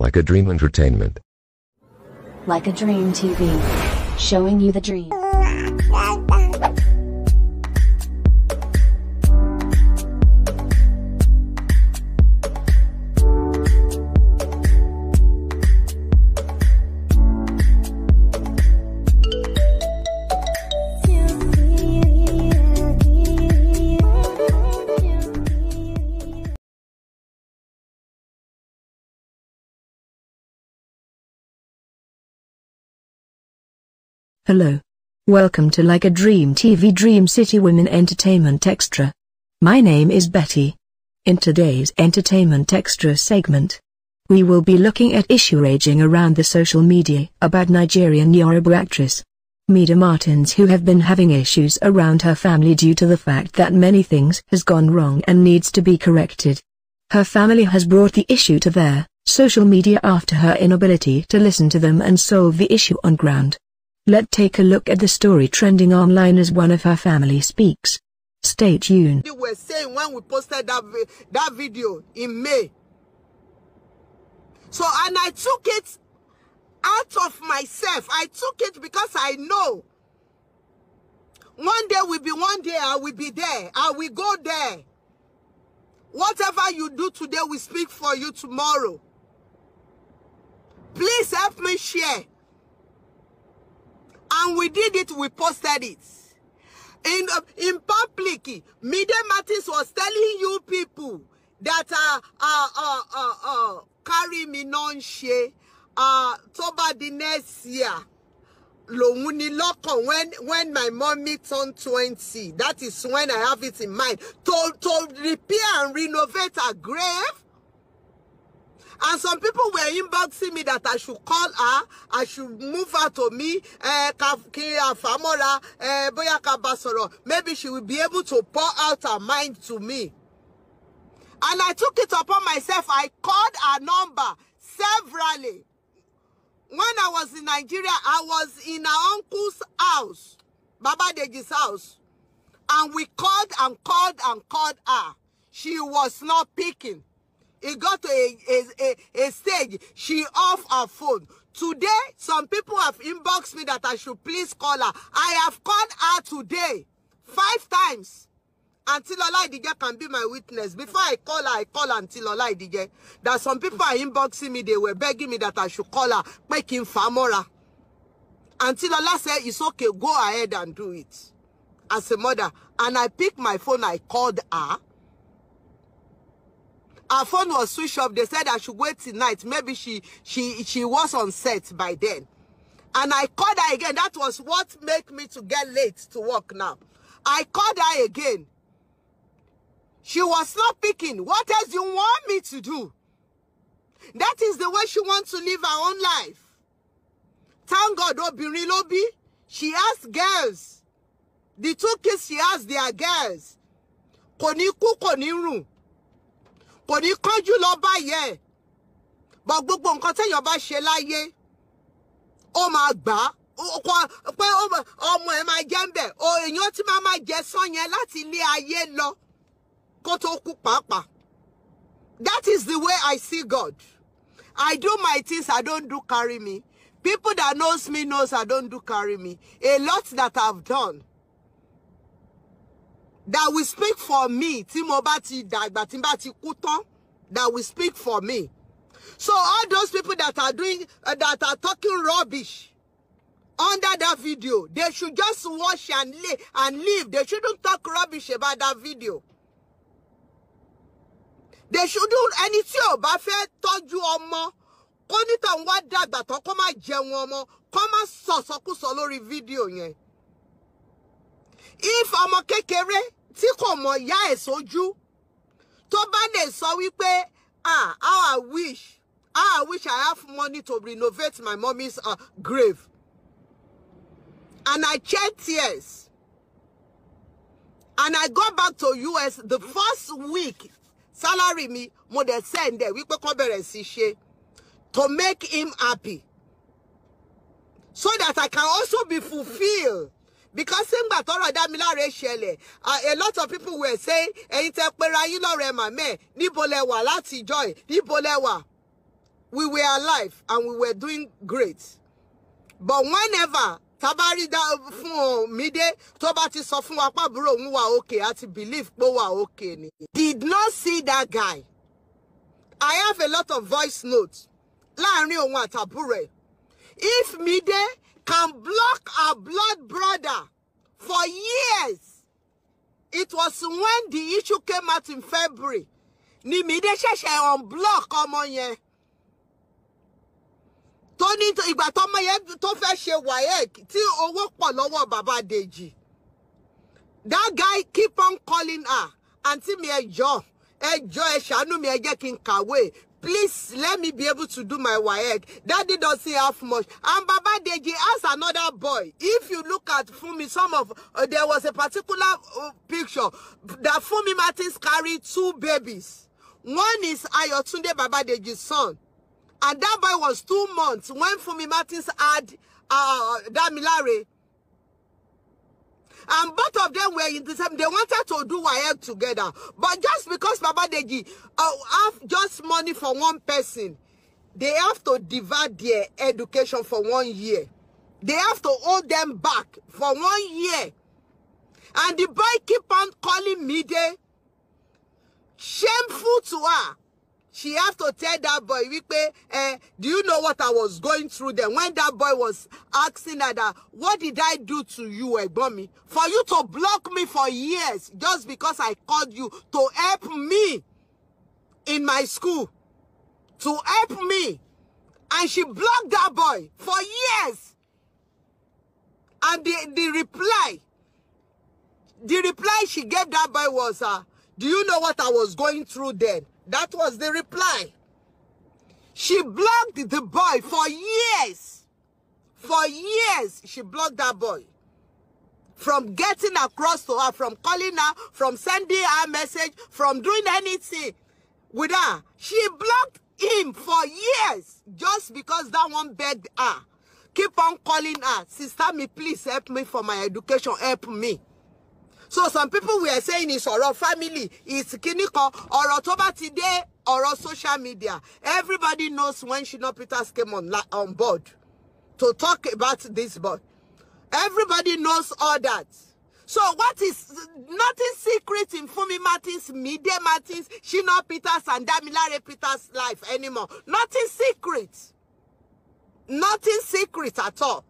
Like a Dream Entertainment. Like a Dream TV. Showing you the dream. Hello. Welcome to Like a Dream TV Dream City Women Entertainment Extra. My name is Betty. In today's Entertainment Extra segment, we will be looking at issue raging around the social media about Nigerian Yoruba actress Mida Martins who have been having issues around her family due to the fact that many things has gone wrong and needs to be corrected. Her family has brought the issue to their social media after her inability to listen to them and solve the issue on ground. Let's take a look at the story trending online as one of her family speaks. Stay tuned. You were saying when we posted that, that video in May. So, and I took it out of myself. I took it because I know one day will be one day, I will be there. I will go there. Whatever you do today we speak for you tomorrow. Please help me share. And we did it, we posted it. In, uh, in public, Media Martins was telling you people that uh, uh, uh, uh, uh, carry me non she uh, toba Dinesia, next Lomuni Lokon, when, when my mommy turned 20, that is when I have it in mind, to, to repair and renovate her grave And some people were inboxing me that I should call her, I should move her to me, uh, eh, Famora, eh, Maybe she will be able to pour out her mind to me. And I took it upon myself. I called her number severally. When I was in Nigeria, I was in her uncle's house, Baba Deji's house. And we called and called and called her. She was not picking it got to a, a, a, a stage, she off her phone. Today, some people have inboxed me that I should please call her. I have called her today five times. until Lola Idije can be my witness. Before I call her, I call until Lola Idije. That some people are inboxing me, they were begging me that I should call her, making Famora. Until Lola said, it's okay, go ahead and do it. As a mother. And I picked my phone, I called her. Her phone was switched off. They said I should wait tonight. Maybe she she she was on set by then. And I called her again. That was what made me to get late to work now. I called her again. She was not picking. What else do you want me to do? That is the way she wants to live her own life. Thank God, Obirin Lobi, she has girls. The two kids she has, they are girls. Koniku koniru. kò ní kánjú lọ báyẹ̀ ẹ̀ gbogbo nǹkan téèyàn bá ṣe láyé ó máa gbà á pé ọmọ ẹ̀ máa jẹ́ ń bẹ̀ èèyàn tí máa máa jẹ sán yẹn láti ilé ayé lọ kó tó kú pàápàá that is the way I see God I do my things I don't do carry me people that knows me knows I don't do carry me a lot that I've done that will speak for me Timobati, mo bá ti dàgbà that will speak for me so all those people that are doing uh, that are talking rubbish under that video they should just wash and leave and leave they shouldn't talk rubbish about that video they shouldn't ẹni tí ò bá fẹ́ tọ́jú ọmọ kó nítàn wá dàgbà tán kó má jẹun ọmọ kó má sọ̀sọ́kùsọ lórí fídíò yẹn if ọmọ kékeré tí kò mọ ìyá ẹ̀ sójú tó bá lè sọ wípé ah how I wish how I wish I have money to renovate my mommy's uh, grave and I shed tears and I go back to US the first week salary mi mo dẹ̀ send ẹ̀ wípé kó bẹ̀rẹ̀ sí ṣe to make him happy so that I can also be fulfilled because nígbà tọ́rọ̀ Dámiláre ṣẹlẹ̀ a lot of people were saying ẹ̀yin tẹ́ pera yín lọ́rọ̀ ẹ̀ màmẹ́ níbo lẹ wà láti joy níbo lẹ wà we were alive and we were doing great but whenever tabari da fún ọ Mide tó bá ti sọ fún wa pàbúrò òun wà okay àti believe pé wà okay ni. did not see that guy I have a lot of voice notes láàrin òun àtàbúrò ẹ̀ if Mide can block our blood brother for years. It was when the issue came out in February. Ni Mide ṣẹ̀ṣẹ̀ unblock ọmọ yẹn. Tó ní ìgbà tọ́mọ yẹn tó fẹ́ ṣe WAEC tí owó pọ̀ lọ́wọ́ bàbá Dèjì. That guy keep on calling her. Àǹtí me ẹ jọ̀ọ́ ẹ jọ̀ọ́ ẹ ṣàánú mi ẹ jẹ́ kí Please let me be able to do my WAEC. Daddy doesn't see half much. And Baba Deji has another boy. If you look at Fumi, some of uh, there was a particular uh, picture that Fumi Martins carried two babies. One is Ayotunde Baba Deji's son. And that boy was two months when Fumi Martins had uh, Damilare and both of them were in the same. They wanted to do Waec together, but just because Baba Deji uh, have just money for one person, they have to divide their education for one year. They have to hold them back for one year. And the boy keep on calling me there. Shameful to her she have to tell that boy wípé eh, do you know what I was going through then when that boy was asking her that what did I do to you ẹ̀gbọ́n mi for you to block me for years just because I called you to help me in my school to help me and she blocked that boy for years and the the reply the reply she gave that boy was uh, do you know what I was going through then That was the reply. She blocked the boy for years. For years, she blocked that boy. From getting across to her, from calling her, from sending her message, from doing anything with her. She blocked him for years just because that one begged her. Keep on calling her. Sister, me, please help me for my education. Help me so some people were saying it's our family it's kiniko, or October day, or social media everybody knows when Shina Peters came on, on board to talk about this board everybody knows all that. So what is nothing secret in Fumi Martins, Media Martins, Shina Peters, and Damilare Peters' life anymore? Nothing secret. Nothing secret at all.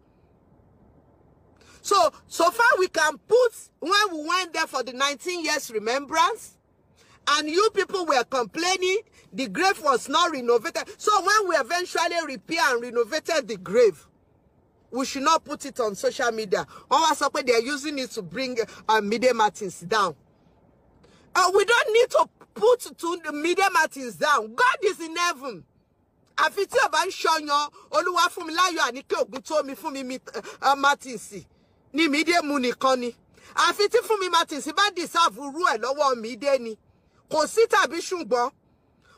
So, so far we can put when we went there for the 19 years remembrance, and you people were complaining the grave was not renovated. So when we eventually repair and renovated the grave, we should not put it on social media. Always up they are using it to bring uh, media martins down. Uh, we don't need to put to the media martins down. God is in heaven. àfi tí ọba ń ṣọyan olúwa fún mi láyọ̀ àníkè ògùn tó mi fún uh, mi uh, martins ni Mide nìkan ni àfi tí Fúnmi Martins bá dìsáàfù rú ẹ̀ lọ́wọ́ Mide ni kò sí tàbí ṣùgbọ́n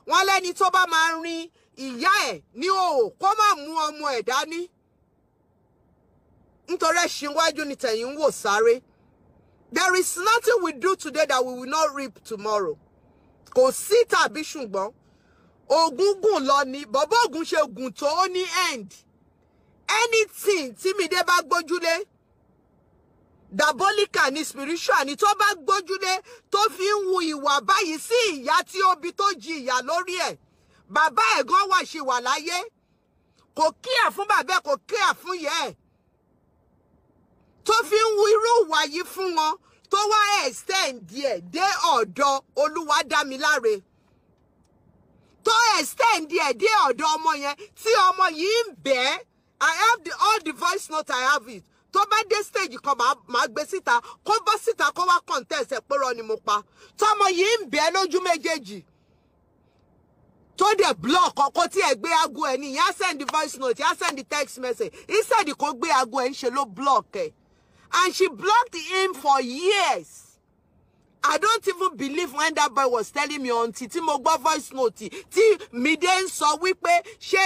wọ́n lẹ́ni tó bá máa rin ìyá ẹ̀ ní òhò kó má mú ọmọ ẹ̀ dání nítorí ẹṣin wájú ni tẹ̀yìn ń wò sáré there is nothing we do today that we will not reap tomorrow kò sí tàbí ṣùgbọ́n ogun gùn lọ ni bọ́bọ́ ogun ṣe gùn tó ó ní end anything tí Mide bá gbójúlé dàbólíkà ni spiritual ni tó bá gbójúlé tó fi ń hu ìwà báyìí sí ìyá tí ó bi tó ji ìyà lórí ẹ̀ bàbá ẹ̀ gan wà ṣì wà láyé kò kíà fún bàbá ẹ̀ kò kíà fún ìyá ẹ̀ tó fi ń hu irú ìwà yìí fún wọn tó wá extend ẹ̀ dé ọ̀dọ̀ Olúwadámiláre tó extend ẹ̀ dé ọ̀dọ̀ ọmọ yẹn tí ọmọ yìí ń bẹ́ẹ̀ I have the, all the voice note I have it tó bá dé stage kan màá gbé síta kó bọ́ síta kó wá contest ẹ̀ pérò ni mo pa tọmọ yìí ń bẹ́ẹ̀ lójú méjèèjì tó dẹ̀ block ọkọ tí ẹ gbé aago ẹ ní yẹn send the voice note yẹn send the text message instead kó gbé aago ẹ ń ṣe ló block ẹ and she blocked him for years I don't even believe when that boy was telling me until tí mo voice note tí Mide ń sọ wípé ṣé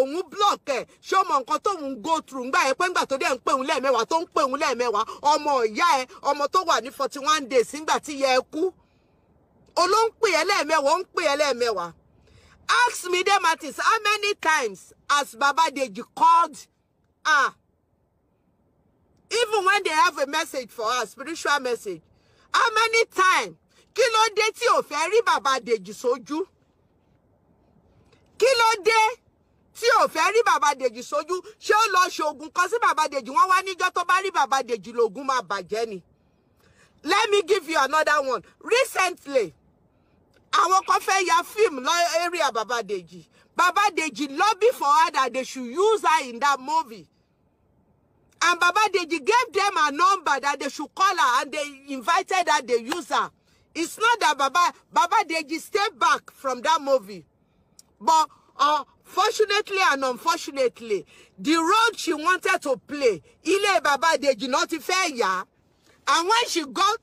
òun block ẹ̀ ṣé ọmọ nǹkan tóun go through ńgbà yẹn pé ńgbà tó dẹ̀ ń pè òun lẹ́ẹ̀mẹ́wàá tó ń pè òun lẹ́ẹ̀mẹ́wàá ọmọ ìyá ẹ̀ ọmọ tó wà ní forty one days ńgbà ti ye ku kú olóńpè ẹ̀ lẹ́ẹ̀mẹ́wàá ó ń pè ẹ̀ lẹ́ẹ̀mẹ́wàá ask Mide Martins how many times as Baba Babadeji called ah, even when they have a message for us, spiritual message how many times kí ló dé tí ò fẹ́ rí bàbá Dèjì sójú kí ló dé tí ò fẹ́ rí bàbá Dèjì sójú ṣé ó lọ ṣoògùn kan sí bàbá Dèjì wọ́n wá níjọ́ tó bá rí bàbá Dèjì lògùn máa bàjẹ́ ni let me give you another one recently àwọn kan fẹ́ ya fíìmù area bàbá Dèjì bàbá Dèjì lobby for her they should use her in that movie And Baba Deji gave them a number that they should call her and they invited her, they used her. It's not that Baba, Baba Deji stayed back from that movie. But uh, fortunately and unfortunately, the role she wanted to play, Ile Baba Deji not fair ya. And when she got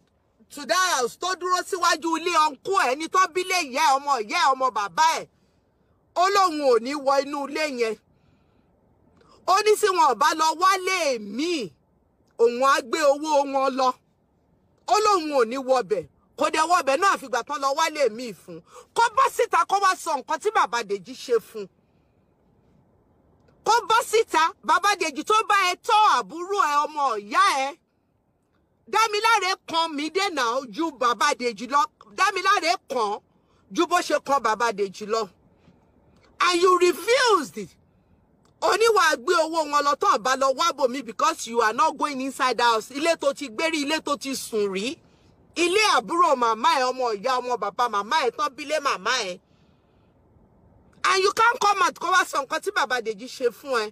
to that house, tó dúró síwájú ilé ọ̀nkú ẹ̀ ní tó bílé ìyá ọmọ Yeah, Omo, bàbá ẹ̀. Ó lóun ò ní wọ inú ilé ó ní tí wọn bá lọ wálé míì òun á gbé owó wọn lọ ó lóun ò ní wọbẹ̀ kò dé wọbẹ̀ náà àfìgbà tán lọ wálé míì fún kó bọ́ síta kó wá sọ nǹkan tí bàbá Dèjì ṣe fún kó bọ́ síta bàbá Dèjì tó bá ẹ tọ́ àbúrò ẹ ọmọ ìyá ẹ Dámiláre kan mí dènà ju bàbá Dèjì lọ Dámiláre kan ju bó ṣe kan bàbá Dèjì lọ and you refused. It oníwà gbé owó wọn lọ tán bá lọ wábò mi because you are not going inside house ilé tó ti gbérí ilé tó ti sùn rí ilé àbúrò màmá ẹ ọmọ ìyá ọmọ bàbá màmá ẹ tán bílé màmá ẹ and you can come out kó wá sọ nǹkan tí bàbá Dèjì ṣe fún ẹ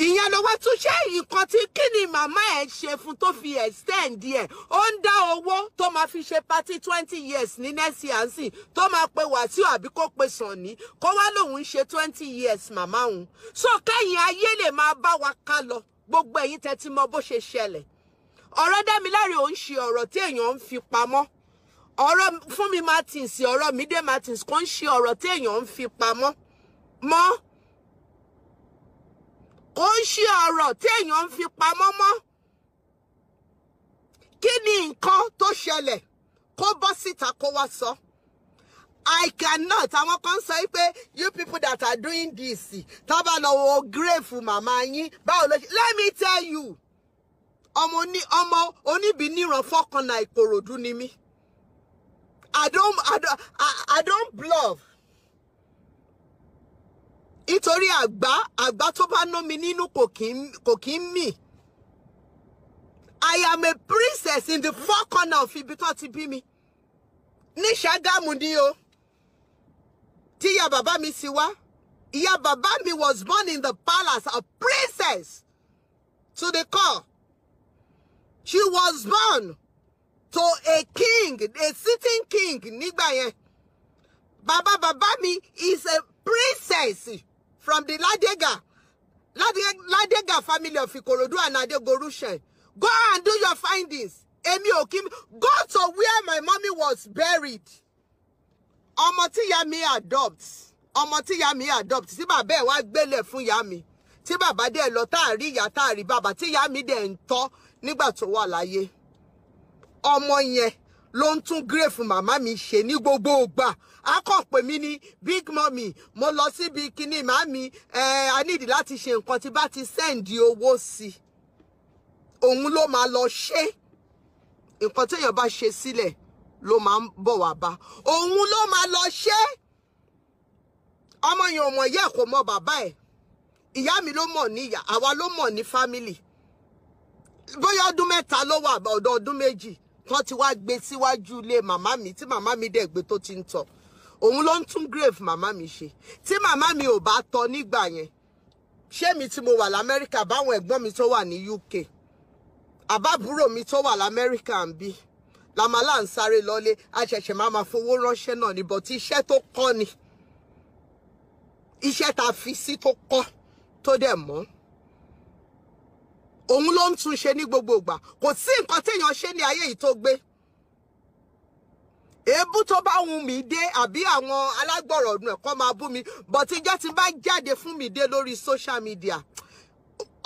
ìyẹn ló wá tún ṣe nǹkan tí kí ni màmá ẹ̀ ṣe fún tó fi extend ẹ̀ ó ń dá owó tó máa fi ṣe party twenty years ní next year sí tó máa pe Wàsíù àbí kó pe Sànní kó wá lòun ń ṣe twenty years màmá òun so kẹ́yìn ayé lè máa bá wa ká lọ gbogbo ẹ̀yin tẹ́ ti mọ bó ṣe ṣẹlẹ̀ ọ̀rọ̀ Dámiláre ò ń ṣe ọ̀rọ̀ tí èèyàn ń fi pamọ́ ọ̀rọ̀ Fúnmi Martins ọ̀rọ̀ Mídé Martins kò ń ṣe ọ̀rọ̀ tí èèyàn ń fi pamọ́ mọ́ kò ń ṣe ọ̀rọ̀ tí èèyàn ń fi pamọ́ mọ́ kí ni nǹkan tó ṣẹlẹ̀ kó bọ́ síta kó wá sọ i cannot àwọn kan sọ pé you people that are doing this tó bá lọ wo gírèfù màmá yín báwo ló ṣe let me tell you ọmọ oní ọmọ oníbìníran fọkànnà ìkòròdú ni mí i don't i don't I don't bluff nítorí àgbá àgbá tó bá ná mi nínú kò kí ń mì I am a princess in the four corner of ibi tó ti bí mi ní Ṣàgámù ni o tí ìyá bàbá mi ti wá ìyá bàbá mi was born in the palace a princess to the core she was born to a king a sitting king nígbà yẹn bàbá bàbá mi is a princess from the Ladega, Ladega, Ladega family of Ikorodu and Adegorushe. Go and do your findings. Emi Okim, go to where my mommy was buried. Ọmọ tí ìyá mi adopt. Ọmọ tí ìyá mi adopt. Tí bàbá ẹ̀ wá gbélé fún ìyá mi. Tí bàbá dẹ̀ lọ táàrí ìyá táàrí bàbá tí ìyá ló ń tún gírèfù màmá mi ṣe ní gbogbo ògbà a kàn pè mí ní big mummy mo lọ síbi kíní màmí ẹ a nídìí láti ṣe nǹkan tí bá ti sẹ́ǹdì owó sí i òun ló máa lọ ṣe nǹkan téèyàn bá ṣe sílẹ̀ ló máa ń bọ̀ wá bá òun ló máa lọ ṣe ọmọ yẹn ò mọ̀ kò mọ̀ bàbá ẹ̀ ìyá mi ló mọ̀ ní àwa ló mọ̀ ní fámìlì bóyá ọdún mẹ́ta ló wà ọ̀dọ̀ ọdún méjì tán ti wá gbé síwájú ilé màmá mi tí màmá mi dẹ̀ gbé tó ti ń tọ̀ òun ló ń tún grave màmá mi ṣe tí màmá mi ò bá tọ̀ nígbà yẹn ṣé mi tí mo wà lamẹ́ríkà báwọn ẹ̀gbọ́n mi tó wà ní UK àbábúrò mi tó wà lamẹ́ríkà ń bí lamala ń sáré lọ́lé àṣẹ̀ṣẹ̀ máa ma fowó ránṣẹ́ náà níbọ̀ tí iṣẹ́ tó kọ́ ni iṣẹ́ tá fi sí tó kọ́ tó dẹ̀ mọ́ òun ló ń tún ṣe ní gbogbo ìgbà kò sí nǹkan téèyàn ṣe ní ayé yìí tó gbé èébú tó bá wùn mí dé àbí àwọn alágbọ̀rọ̀ ọ̀dùn ẹ̀kọ́ máa bú mi bọ̀tí ìjọ́ ti bá jáde fún mi dé lórí social media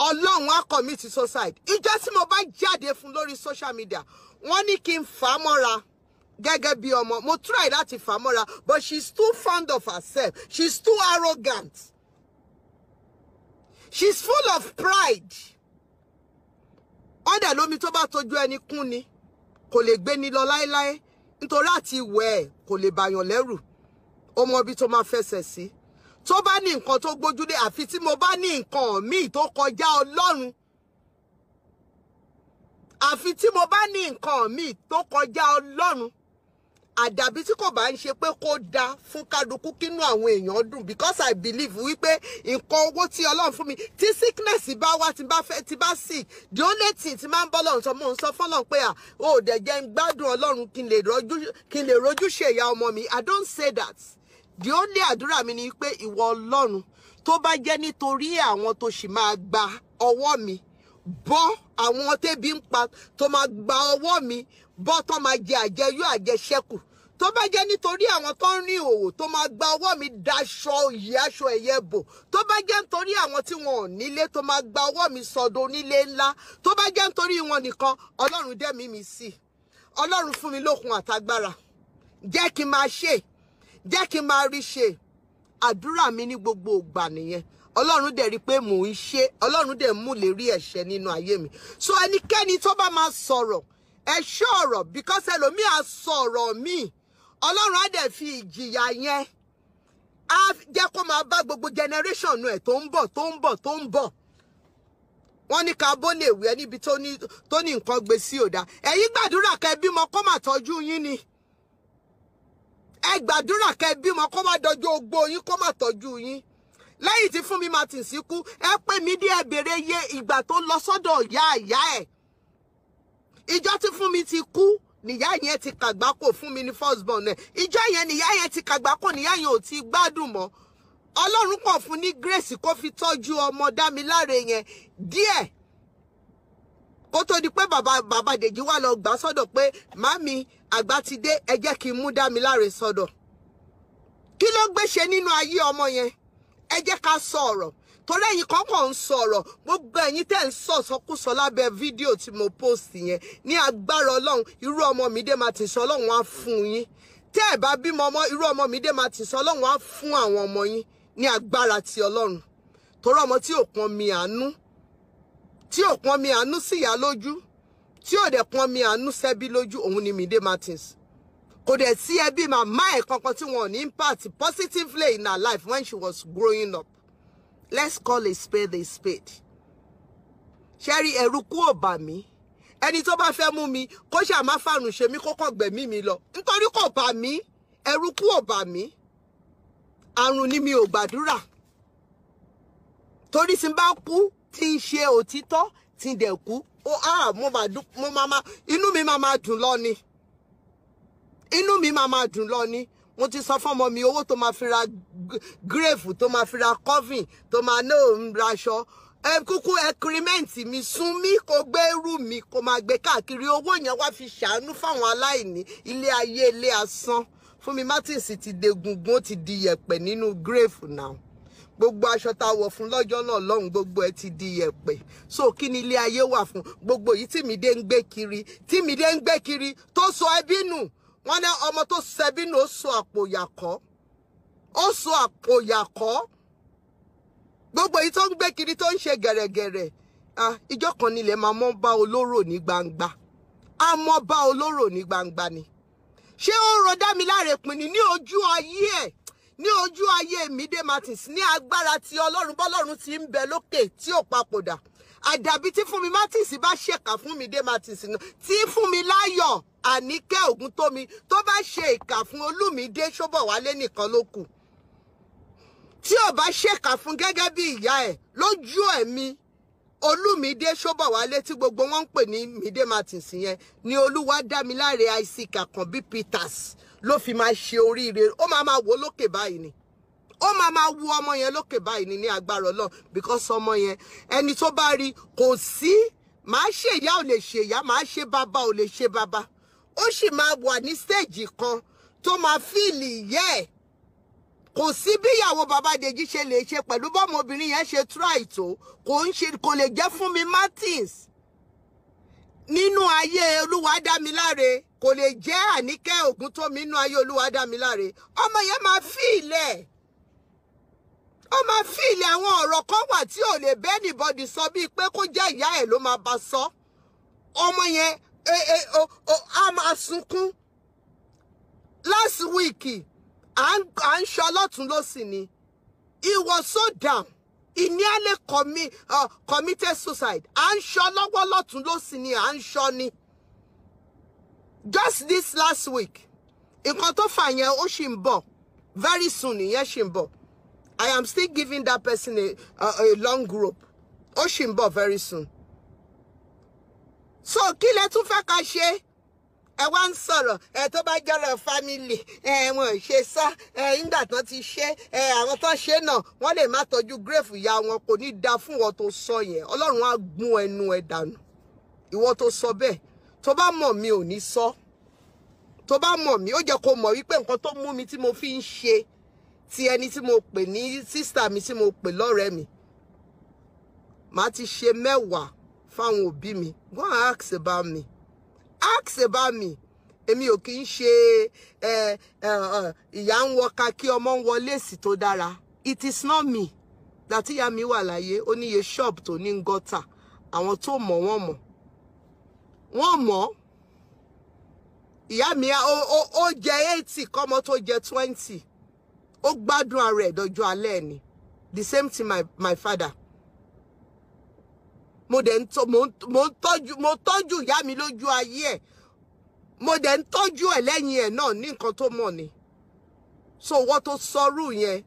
ọlọ́run á commit suicide ìjọ́ tí mo bá jáde fún lórí social media wọ́n ní kí n fà á mọ́ra gẹ́gẹ́ bí ọmọ mo try láti fà á mọ́ra but she's too fond of herself she's too arrogant she's full of pride wọ́n dẹ̀ lómi tó bá tójú ẹni kún ni kò lè gbé ni lọ láéláé nítorí àti ìwẹ̀ ẹ̀ kò lè bàyàn lẹ́rù ó mọ ibi tó máa fẹsẹ̀ sí tó bá ní nǹkan tó gbójúlé àfi tí mo bá ní nǹkan míì tó kọjá ọlọ́run àfi tí mo bá ní nǹkan míì tó kọjá ọlọ́run àdàbí tí kò bá ń ṣe pé kó da fún kálukú kínú àwọn èèyàn dùn because i believe wípé nǹkan owó tí ọlọ́run fún mi tí sickness bá wá tí bá fẹ́ tí bá sick the only thing tí máa ń bọ́ lọ́run sọ mò ń sọ fọ́lọ́run pé à ah, ó dẹ̀ jẹ́ ń gbádùn ọlọ́run kí n lè rojú kí n lè rojú ṣèyá ọmọ mi i don't say that the only àdúrà mi ni pé ìwọ ọlọ́run tó bá jẹ́ nítorí àwọn tó sì máa gba ọwọ́ mi bọ́ àwọn tẹ́bi ń pa tó máa gba ọwọ́ mi bọ́ tó máa jẹ àjẹyó àjẹṣẹ́kù tó bá jẹ́ nítorí àwọn tó ń rí òwò tó máa gba ọwọ́ mi daṣọ òyì aṣọ ẹ̀yẹ bò tó bá jẹ́ nítorí àwọn tí wọn ò nílé tó máa gba ọwọ́ mi sọ̀dọ̀ onílé ńlá tó bá jẹ́ nítorí wọn nìkan ọlọ́run dẹ́mi mi sí ọlọ́run fún mi lókun àtagbára jẹ́ kí n máa ṣe jẹ́ kí n máa rí ṣe àdúrà mi ní gbogbo ìgbà nìyẹn ọlọ́run dẹ̀ rí pé mò ń ṣe ọlọ́run dẹ̀ mú lérí ẹ̀ṣẹ̀ nínú ayé mi so ẹnikẹ́ni tó bá máa sọ̀rọ̀ ẹ ṣọ́ ọ̀rọ̀ because ẹlòmíì á mi ọ̀rọ̀ míì ọlọ́run á dẹ̀ fi ìjìyà yẹn á jẹ́ kó máa bá gbogbo generation e tó ń bọ̀ tó ń bọ̀ tó ń bọ̀ wọ́n ní ká bó lè wí ẹ níbi tó ní nǹkan gbé sí òdà ẹ̀yin gbàdúrà ko ma toju kó má tọ́jú yín ni ẹ gbàdúrà kẹ́ ẹ bímọ kó má dọjú ogbó yín kó má tọ́jú yín tí Fúnmi kú ẹ pè mí dé ẹ iye ìgbà tó lọ ìyá ìyá ìjọ tí Fúnmi ti kú nìyá yẹn ti kàgbákò Fúnmi ní first born ẹ̀ ìjọ yẹn nìyá yẹn ti kàgbákò nìyá yẹn ò ti gbádùn mọ́ ọlọ́run kàn fún ní grace kó fi tọ́jú ọmọ dámiláre yẹn díẹ̀ kó tó di pé bàbá bàbá dèjì wà lọ gbà sọ́dọ̀ pé màmí àgbà ti dé ẹ jẹ́ kí n mú dámiláre sọ́dọ̀ kí ló gbéṣe nínú ayé ọmọ yẹn ẹ jẹ́ ká sọ ọ̀rọ̀ torí ẹ̀yin kan kàn ń sọ̀rọ̀ gbogbo ẹ̀yin tẹ́ ń sọ sọkúsọ lábẹ́ fídíò tí mo post yẹn ní agbára ọlọ́run irú ọmọ mi dé máa ti sọ ọlọ́run á fún yín tẹ́ ẹ̀ bá bímọ ọmọ irú ọmọ mi dé máa ti sọ ọlọ́run á fún àwọn ọmọ yín ní agbára ti ọlọ́run torí ọmọ tí ò mi àánú tí ò mi àánú síyá lójú tí ò pọn mi àánú sẹ́bí lójú òun ni Mide Martins kò dẹ̀ sí ẹbí màmá ẹ̀ kankan tí wọn ò ní impact positively in her life when she was growing up let's call a spade a spade ṣe eruku ẹ̀rù kú ò bà ẹni tó bá fẹ́ mú mi kó ṣáà má fàrùn ṣe mí kó gbẹ̀mí mi lọ nítorí kò bà mí ẹ̀rù kú ò àrùn ni mi ò gbàdúrà torí tí n bá kú tí n ṣe òtítọ́ tí n dẹ̀ kú mo máa ma inú mi máa ma dùn lọ inú mi máa ma dùn lọ mo ti sọ fún mi owó tó máa fi ra gírèfù tó máa fi ra coffin tó máa ná òun raṣọ ẹ kúkú ẹkírímẹ́ǹtì mi sún mí kó gbé rú mi kó máa gbé káàkiri owó yẹn wá fi ṣàánú fáwọn aláìní ilé ayé ilé asán Fúnmi Martins ti degungun ó ti di yẹ̀pẹ̀ nínú gírèfù náà gbogbo aṣọ tá a wọ̀ fún lọ́jọ́ náà lọ́hùn gbogbo ẹ ti di yẹ̀pẹ̀ so kí ni ilé ayé wà fún gbogbo yìí Tìmídé ń gbé kiri Tìmídé ń gbé kiri tó sọ ẹbí nù wọn ní ọmọ tó sẹbí nù ó sọ àpò yàkọ́ ó so àpòyàkọ́ gbogbo èyí tó ń gbé kiri tó ń ṣe gẹ̀rẹ̀gẹ̀rẹ̀ ìjọ kan nílẹ̀ máa mọ́ bá olóró ní gbangba a mọ́ bá olóró ní gbangba ni ṣé ó rọ dámiláre pin ni ní ojú ayé ẹ̀ ní ojú ayé Mide Martins ní agbára tí ọlọ́run bọ́lọ́run ti ń bẹ lókè tí ò papòdà àdàbí tí Fúnmi Martins bá ṣèkà fún Mide Martins náà tí Fúnmi láyọ̀ Àníkẹ́ Ògúntómi tó bá ṣe ìkà fún Olúmídé Ṣóbọ̀wálé nìkan ló kù tí ò bá ṣèkà fún gẹ́gẹ́ bí ìyá ẹ̀ lójú ẹ̀mí olúmídé ṣóbọ̀wálé tí gbogbo wọn ń pè ní mídé martins yẹn ni olúwadámiláre isaac àkànbí peters ló fi máa ṣe oríire ó máa máa wo lókè báyìí ni ó máa máa wo ọmọ yẹn lókè báyìí ni ní agbára Ọlọ́run because ọmọ yẹn ẹni tó bá rí kò sí màá ṣe ìyá ò lè ṣe ìyá màá ṣe bàbá ò lè ṣe bàbá ó sì máa wà ní stéèjì kan tó máa fíìlì yẹ kò sí bí ìyàwó bàbá Dèjì ṣe lè ṣe pẹ̀lú bọ́mọ obìnrin yẹn ṣe try tó kò ń ṣe kò lè jẹ́ fún mi Martins nínú ayé Olúwadámiláre kò lè jẹ́ Àníkẹ́ Ògúntómi nínú ayé Olúwadámiláre ọmọ yẹn máa fi ilẹ̀ ó máa fi ilẹ̀ àwọn ọ̀rọ̀ kan wà tí ò lè bẹ́ẹ̀ nìbọdì sọ bíi pé kó jẹ́ ìyá ẹ̀ ló máa bá sọ ọmọ yẹn e, e, a máa sunkún last week à ń ṣọ lọ́tún lọ́sì ni he was so down he nearly commi uh, committed suicide à ń ṣọ lọ́wọ́ lọ́tún lọ́sì ni à ń ṣọ ni just this last week nǹkan tó fà yẹn ó ṣì ń bọ̀ very soon ìyẹn ṣì ń bọ̀ I am still giving that person a, a, a long rope ó ṣì ń bọ̀ very soon so kí lẹ tún fẹ́ ká ṣe ẹ wá ń sọ̀rọ̀ ẹ tó bá jọ̀rọ̀ fámìlì ẹ wọn ṣe sá ẹ nígbà tán ti ṣe ẹ àwọn tán ṣe náà wọ́n lè má tọ́jú gírèfù ìyá wọn kò ní da fún wọn tó sọ yẹn ọlọ́run á gún ẹnu ẹ dànù ìwọ tó sọ bẹ́ẹ̀ tó bá mọ̀ mi ò ní sọ tó bá mọ̀ mi ó jẹ́ kó mọ̀ wípé nǹkan tó mú mi tí mo fi ń ṣe ti ẹni tí mo pè ní sísà mi tí mo pè lọ́rẹ̀ẹ́ mi màá ti ṣe mẹ́wàá fáwọn òbí mi go ask about me ask about me èmi ò kì í ṣe ìyá ń wọka kí ọmọ ń wọ léèsì tó dára it is not me dàtíyá mi wà láyé ó níye ṣọ́ọ̀bù tó ní gọ́tà àwọn tó mọ̀ wọ́n mọ̀ wọ́n mọ̀ ìyá mi ó jẹ eighty kọ́mọ tó jẹ twenty ó gbádùn ara ẹ̀ dọjọ́ alẹ́ ni the same thing my, my father mo dẹ̀ ń tọ́jú mo tọ́jú ìyá mi lójú ayé ẹ̀ mo dẹ̀ ń tọ́jú ẹ̀ lẹ́yìn ẹ̀ náà ní nǹkan tó mọ̀ ni so wọ́n tó sọ́rù yẹn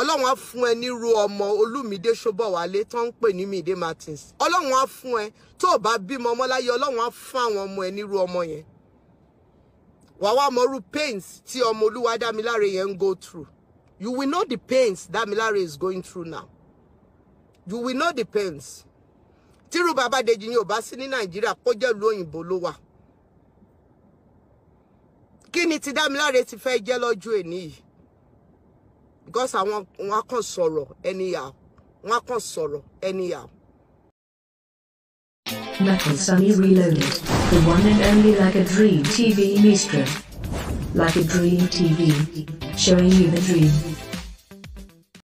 ọlọ́run á fún ẹ nírú ọmọ olúmídé ṣọbọ̀wálé tó ń pè ní mídé martins ọlọ́run á fún ẹ tó o bá bímọ ọmọ láyé ọlọ́run á fún àwọn ọmọ ẹ nírú ọmọ yẹn wàá wá mọrú pains tí ọmọ olúwa dámiláre yẹn ń go through you will know the pains dámiláre is going through now you will know the pains tírú Babádeji yìí ò bá sí ní nàìjíríà kó jẹ́ ìlú òyìnbó ló wà kí ni ti Dámiláre ti fẹ́ jẹ́ lọ́jọ́ èní yìí because àwọn wọn kàn sọ̀rọ̀ anyhow wọn kàn sọ̀rọ̀ anyhow. Metal Sunny Reloaded, the one and only Like a Dream TV Mistral. Like a Dream TV, showing you the dream.